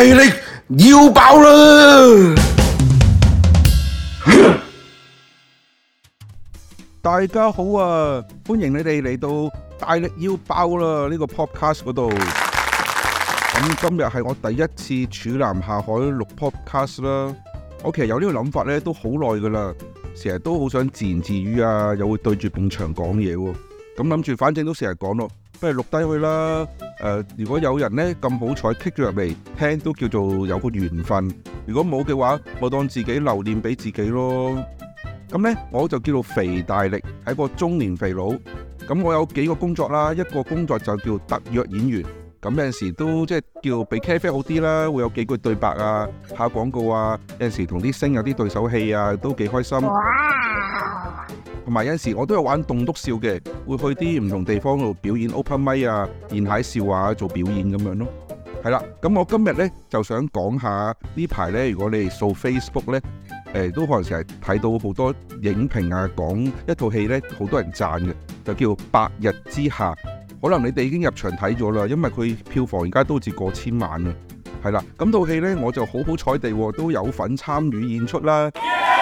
大力要爆啦！大家好啊，歡迎你哋嚟到大力要爆啦呢個 podcast 嗰度。咁 今日係我第一次處男下海錄 podcast 啦。我其實有呢個諗法咧，都好耐噶啦。成日都好想自言自語啊，又會對住埲牆講嘢喎。咁諗住，反正都成日講咯，不如錄低去啦。呃、如果有人咧咁好彩，kick 咗入嚟聽，都叫做有個緣分。如果冇嘅話，我當自己留念俾自己咯。咁呢，我就叫做肥大力，係個中年肥佬。咁我有幾個工作啦，一個工作就叫特約演員。咁有陣時都即係叫比 cafe 好啲啦，會有幾句對白啊，拍廣告啊，有陣時同啲星有啲對手戲啊，都幾開心。同埋有陣時，我都有玩棟篤笑嘅，會去啲唔同地方度表演 open 咪啊、電海笑啊，做表演咁樣咯。係啦，咁我今日呢就想講下呢排呢。如果你哋掃 Facebook 呢，呃、都可能成日睇到好多影評啊，講一套戲呢，好多人讚嘅，就叫《白日之下》。可能你哋已經入場睇咗啦，因為佢票房而家都好似過千萬啊。係啦，咁套戲呢，我就好好彩地都有份參與演出啦。Yeah!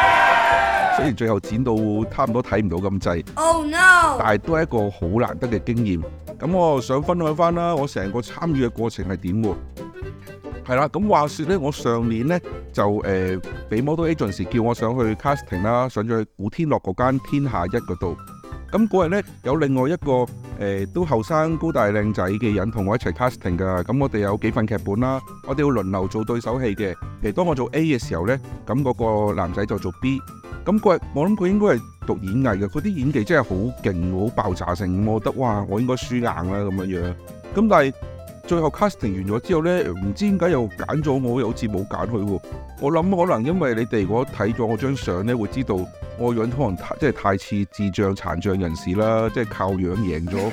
雖然最後剪到差唔多睇唔到咁滯，oh, no! 但係都係一個好難得嘅經驗。咁我想分享翻啦，我成個參與嘅過程係點喎？係啦，咁話說呢，我上年呢，就誒俾、呃、Model Agency 叫我上去 casting 啦，上咗去古天樂嗰間天下一嗰度。咁嗰日呢，有另外一個誒、呃、都後生高大靚仔嘅人同我一齊 casting 噶。咁我哋有幾份劇本啦，我哋要輪流做對手戲嘅。譬如當我做 A 嘅時候呢，咁嗰個男仔就做 B。咁佢，我諗佢應該係讀演藝嘅，佢啲演技真係好勁，好爆炸性，我覺得哇，我應該輸硬啦咁樣樣。咁但係最後 casting 完咗之後咧，唔知點解又揀咗我，又好似冇揀佢喎。我諗可能因為你哋如果睇咗我張相咧，會知道我樣可能太即係太似智障殘障人士啦，即係靠樣贏咗。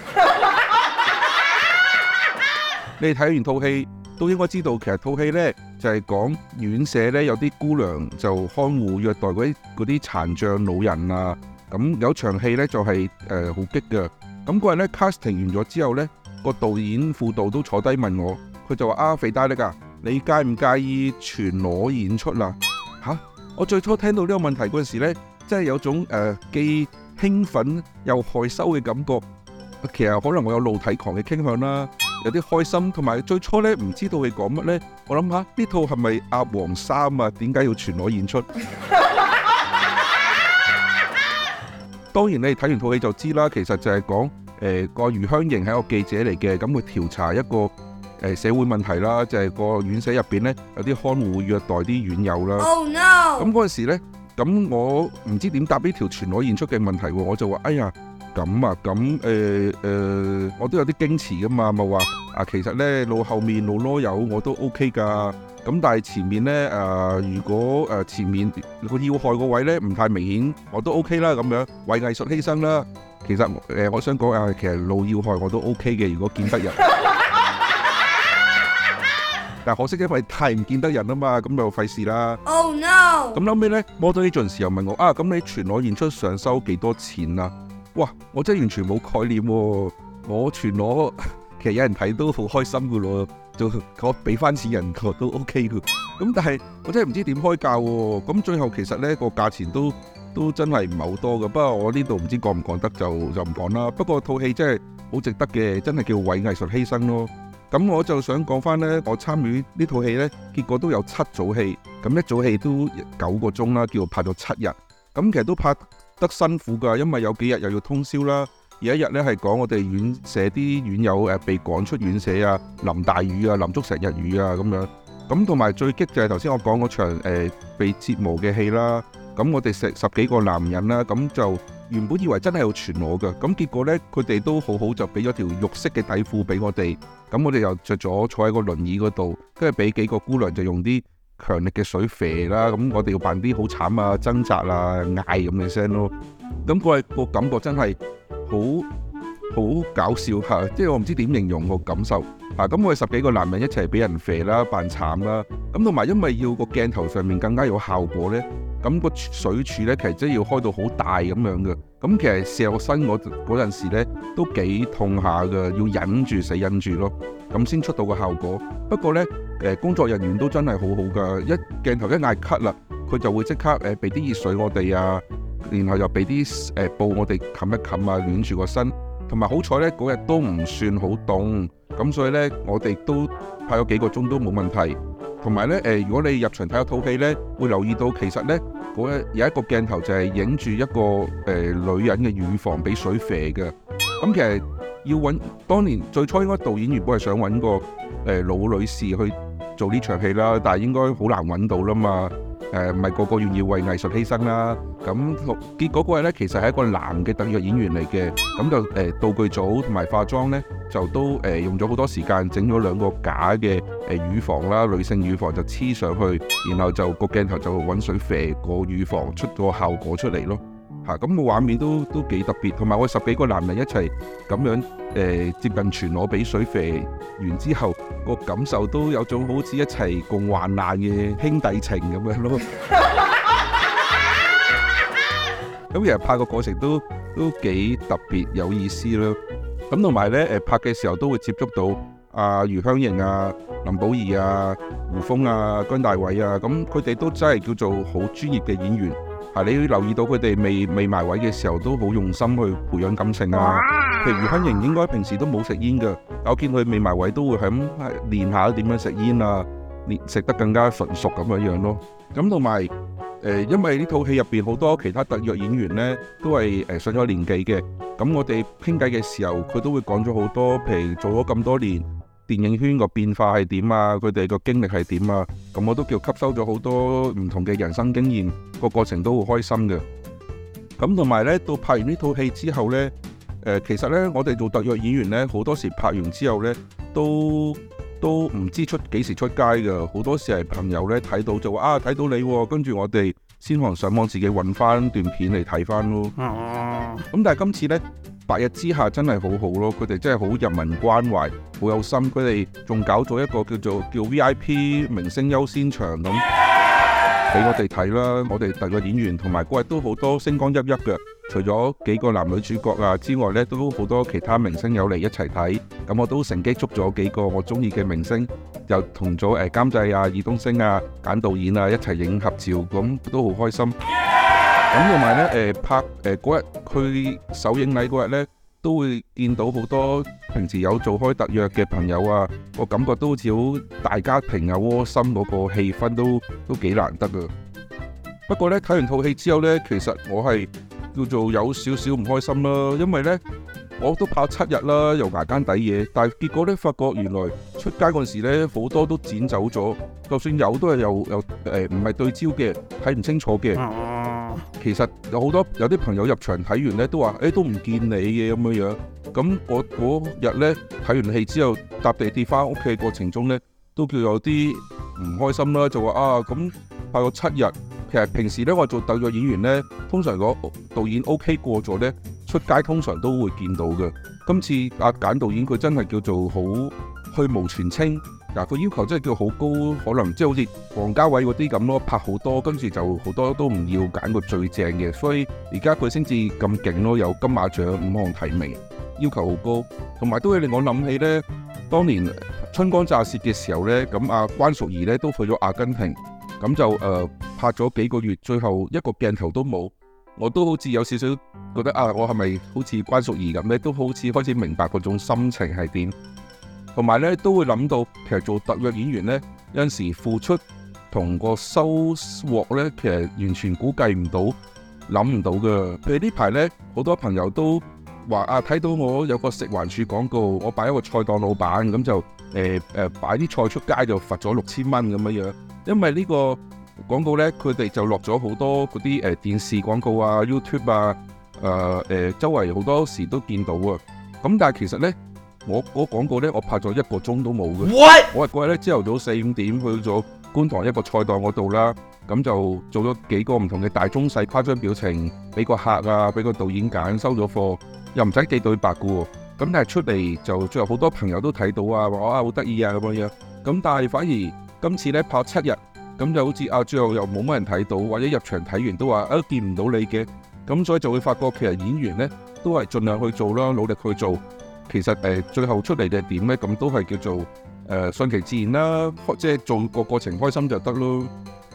你哋睇完套戲都應該知道，其實套戲咧。就係、是、講院舍咧，有啲姑娘就看護虐待嗰啲啲殘障老人啊。咁有場戲咧、就是，就係誒好激嘅。咁嗰日咧，casting 完咗之後咧，個導演副導都坐低問我，佢就話：啊，肥大力啊，你介唔介意全裸演出啊？嚇、啊！我最初聽到呢個問題嗰陣時咧，真係有種誒、呃、既興奮又害羞嘅感覺。其實可能我有露體狂嘅傾向啦。有啲開心，同埋最初呢唔知道佢講乜呢。我諗下呢套係咪鴨王3啊？點解要全裸演出？ 當然你睇完套戲就知啦，其實就係講誒個余香凝係個記者嚟嘅，咁佢調查一個誒、呃、社會問題啦，就係、是、個院舍入邊呢，有啲看護虐，虐待啲院友啦。Oh no! 咁嗰陣時咧，咁我唔知點答呢條全裸演出嘅問題喎，我就話哎呀～咁啊，咁誒誒，我都有啲矜持噶嘛，咪話啊，其實咧路後面路囉柚我都 OK 噶，咁但係前面咧誒、呃，如果誒、呃、前面個要害個位咧唔太明顯，我都 OK 啦，咁樣為藝術犧牲啦。其實誒、呃，我想講啊，其實路要害我都 OK 嘅，如果見得人， 但可惜因為太唔見得人啊嘛，咁就費事啦。Oh no！咁後尾咧，摩到呢陣時又問我啊，咁你全裸演出想收幾多錢啊？哇！我真係完全冇概念喎、哦，我全攞其實有人睇都好開心噶咯。就我俾翻錢人個都 OK 嘅。咁但係我真係唔知點開價喎、哦。咁最後其實呢個價錢都都真係唔係好多嘅。不過我呢度唔知講唔講得就就唔講啦。不過套戲真係好值得嘅，真係叫為藝術犧牲咯。咁我就想講翻呢，我參與呢套戲呢，結果都有七組戲，咁一組戲都九個鐘啦，叫拍咗七日，咁其實都拍得辛苦噶，因為有幾日又要通宵啦。有一日咧係講我哋院舍啲院友誒被趕出院舍啊，淋大雨啊，淋足成日雨啊咁樣。咁同埋最激就係頭先我講嗰場誒被折磨嘅戲啦。咁我哋成十幾個男人啦，咁就原本以為真係要全裸噶，咁結果咧佢哋都好好就俾咗條肉色嘅底褲俾我哋。咁我哋又著咗坐喺個輪椅嗰度，跟住俾幾個姑娘就用啲強力嘅水射啦，咁我哋要扮啲好慘啊、掙扎啊、嗌，咁嘅聲咯，咁佢個感覺真係好好搞笑吓，即係我唔知點形容個感受吓。咁我哋十幾個男人一齊俾人射啦，扮慘啦，咁同埋因為要個鏡頭上面更加有效果咧，咁個水柱咧其實真係要開到好大咁樣嘅。咁其實射落身我嗰陣時咧都幾痛下噶，要忍住死忍住咯，咁先出到個效果。不過咧。誒工作人員都真係好好噶，一鏡頭一嗌咳 u 啦，佢就會即刻誒俾啲熱水我哋啊，然後又俾啲誒布我哋冚一冚啊，暖住個身。同埋好彩呢，嗰日都唔算好凍，咁所以呢，我哋都拍咗幾個鐘都冇問題。同埋呢，誒，如果你入場睇嗰套戲呢，會留意到其實呢，嗰、那、一、個、有一個鏡頭就係影住一個誒、呃、女人嘅乳房俾水肥嘅。咁其實要揾，當年最初應該導演原本係想揾個誒、呃、老女士去，做呢場戲啦，但係應該好難揾到啦嘛。誒、呃，唔係個個願意為藝術犧牲啦。咁結果嗰位咧，其實係一個男嘅特約演員嚟嘅。咁就誒、呃、道具組同埋化妝呢，就都誒、呃、用咗好多時間整咗兩個假嘅誒、呃、乳房啦、呃。女性乳房就黐上去，然後就、這個鏡頭就揾水肥個乳房出個效果出嚟咯。嚇、啊、咁、個畫面都都幾特別，同埋我十幾個男人一齊咁樣誒、呃、接近全裸俾水肥完之後，個感受都有種好似一齊共患難嘅兄弟情咁樣咯。咁其實拍個過程都都幾特別有意思咯。咁同埋咧誒拍嘅時候都會接觸到阿、啊、余香凝啊、林保怡啊、胡楓啊、姜大偉啊，咁佢哋都真係叫做好專業嘅演員。係，你要留意到佢哋未未埋位嘅時候，都好用心去培養感情啊。譬如余香凝應該平時都冇食煙噶，我見佢未埋位都會係咁練下點樣食煙啊，食得更加純熟咁樣樣咯。咁同埋誒，因為呢套戲入邊好多其他特約演員呢都係誒上咗年紀嘅。咁我哋傾偈嘅時候，佢都會講咗好多，譬如做咗咁多年。電影圈個變化係點啊？佢哋個經歷係點啊？咁我都叫吸收咗好多唔同嘅人生經驗，這個過程都好開心嘅。咁同埋呢，到拍完呢套戲之後呢，誒、呃，其實呢，我哋做特約演員呢，好多時拍完之後呢，都都唔知出幾時出街㗎。好多時係朋友呢睇到就話啊，睇到你、哦，跟住我哋先可能上網自己揾翻段片嚟睇翻咯。咁、嗯、但係今次呢。白日之下真係好好咯，佢哋真係好人民關懷，好有心。佢哋仲搞咗一個叫做叫 VIP 明星優先場咁俾、yeah! 我哋睇啦。我哋特約演員同埋嗰日都好多星光熠熠嘅，除咗幾個男女主角啊之外呢，都好多其他明星有嚟一齊睇。咁我都乘機捉咗幾個我中意嘅明星，又同咗誒監製啊、爾冬升啊、簡導演啊一齊影合照，咁都好開心。咁同埋咧，誒、呃、拍誒嗰日去首映禮嗰日咧，都會見到好多平時有做開特約嘅朋友啊，我感覺都好似好大家庭，好窩心，嗰個氣氛都都幾難得噶。不過咧睇完套戲之後咧，其實我係叫做有少少唔開心啦，因為咧我都拍七日啦，又捱更抵夜，但係結果咧發覺原來出街嗰陣時咧，好多都剪走咗，就算有都係有、有誒唔係對焦嘅，睇唔清楚嘅。嗯其實有好多有啲朋友入場睇完咧，都話誒、哎、都唔見你嘅咁樣樣。咁我嗰日咧睇完戲之後搭地鐵翻屋企嘅過程中咧，都叫有啲唔開心啦，就話啊咁拍咗七日。其實平時咧我做特約演員咧，通常個導演 OK 過咗咧，出街通常都會見到嘅。今次阿簡導演佢真係叫做好去蕪存菁。嗱、啊，佢要求真係叫好高，可能即係好似王家衞嗰啲咁咯，拍好多，跟住就好多都唔要，揀個最正嘅，所以而家佢先至咁勁咯，有金馬獎五項提名，要求好高，同埋都係令我諗起呢，當年春光乍泄嘅時候呢，咁阿關淑怡呢都去咗阿根廷，咁就誒、呃、拍咗幾個月，最後一個鏡頭都冇，我都好似有少少覺得啊，我係咪好似關淑怡咁呢？都好似開始明白嗰種心情係點？同埋咧，都會諗到其實做特約演員呢，有陣時付出同個收穫呢，其實完全估計唔到，諗唔到㗎。譬如呢排呢，好多朋友都話啊，睇到我有個食環署廣告，我擺一個菜檔老闆，咁就誒誒擺啲菜出街就罰咗六千蚊咁樣樣。因為呢個廣告呢，佢哋就落咗好多嗰啲誒電視廣告啊、YouTube 啊、誒、呃、誒、呃、周圍好多時都見到啊。咁、嗯、但係其實呢。我嗰廣告呢，我拍咗一個鐘都冇嘅。What? 我係嗰日呢，朝頭早四五點去咗觀塘一個菜檔嗰度啦，咁就做咗幾個唔同嘅大中細誇張表情，俾個客啊，俾個導演揀收咗貨，又唔使記對白嘅喎。咁但係出嚟就最後好多朋友都睇到啊，話啊好得意啊咁樣。咁但係反而今次呢，拍七日，咁就好似啊最後又冇乜人睇到，或者入場睇完都話啊見唔到你嘅。咁所以就會發覺其實演員呢，都係盡量去做啦，努力去做，其實誒、呃、最後出嚟嘅點呢，咁都係叫做誒順其自然啦，啊，即係做個過，過程開心就得咯。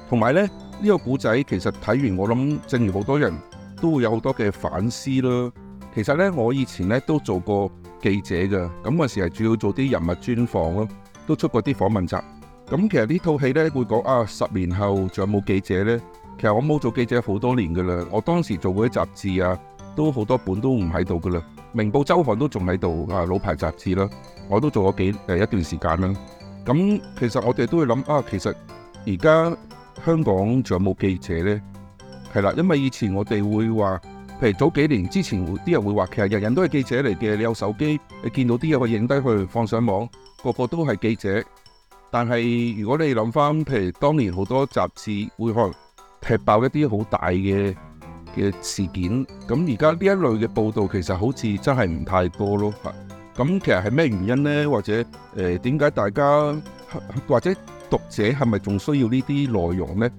同埋呢，呢、這個古仔其實睇完，我諗正如好多人都會有好多嘅反思咯。其實呢，我以前呢都做過記者㗎，咁嗰時係主要做啲人物專訪咯，都出過啲訪問集。咁其實呢套戲呢，會講啊，十年後仲有冇記者呢？其實我冇做記者好多年㗎啦，我當時做嗰啲雜誌啊，都好多本都唔喺度㗎啦。明報周刊都仲喺度啊，老牌雜誌啦，我都做咗幾誒一段時間啦。咁其實我哋都會諗啊，其實而家香港仲有冇記者呢？係啦，因為以前我哋會話，譬如早幾年之前，啲人會話，其實人人都係記者嚟嘅，你有手機，你見到啲嘢可以影低佢放上網，個個都係記者。但係如果你諗翻，譬如當年好多雜誌會可能踢爆一啲好大嘅嘅事件，咁而家呢一類嘅報道其實好似真係唔太多咯。嚇，咁其實係咩原因呢？或者誒點解大家或者讀者係咪仲需要呢啲內容呢？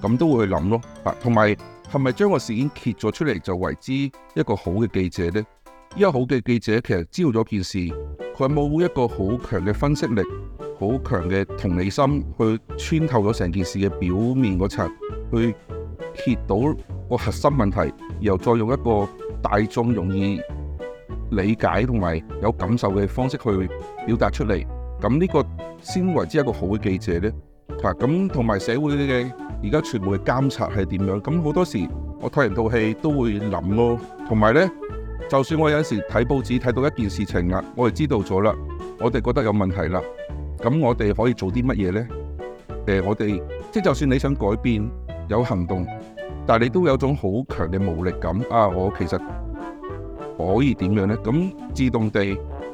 咁都會去諗咯，嚇同埋係咪將個事件揭咗出嚟就為之一個好嘅記者呢？因為好嘅記者其實知道咗件事，佢冇一個好強嘅分析力、好強嘅同理心去穿透咗成件事嘅表面嗰層，去揭到個核心問題，然後再用一個大眾容易理解同埋有感受嘅方式去表達出嚟，咁呢個先為之一個好嘅記者咧。嗱，咁同埋社會嘅而家傳媒嘅監察係點樣？咁好多時候我睇完套戲都會諗咯、啊，同埋咧，就算我有陣時睇報紙睇到一件事情啊，我哋知道咗啦，我哋覺得有問題啦，咁我哋可以做啲乜嘢咧？誒、呃，我哋即係就算你想改變，有行動。但係你都有種好強嘅無力感啊！我其實可以點樣呢？咁自動地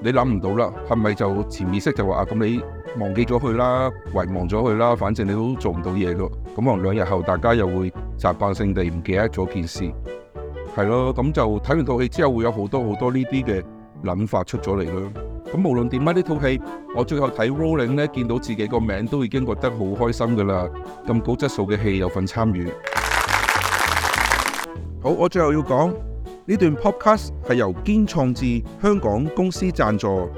你諗唔到啦，係咪就潛意識就話啊？咁你忘記咗佢啦，遺忘咗佢啦，反正你都做唔到嘢咯。咁可能兩日後大家又會習慣性地唔記得咗件事，係咯。咁就睇完套戲之後會有好多好多呢啲嘅諗法出咗嚟咯。咁無論點解呢套戲我最後睇 Rolling 咧，見到自己個名都已經覺得好開心噶啦。咁高質素嘅戲有份參與。好，我最後要講呢段 podcast 係由堅創智香港公司贊助，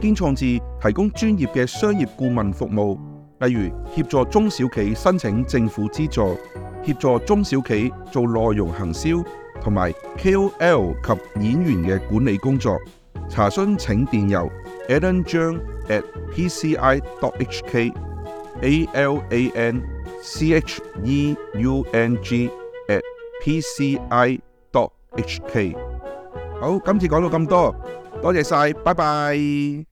堅創智提供專業嘅商業顧問服務，例如協助中小企申請政府資助，協助中小企做內容行銷，同埋 KOL 及演員嘅管理工作。查詢請電郵 alancheung at PCI dot HK，A L A N C H E U N G。P C I dot H K，好，今次講到咁多，多謝晒，拜拜。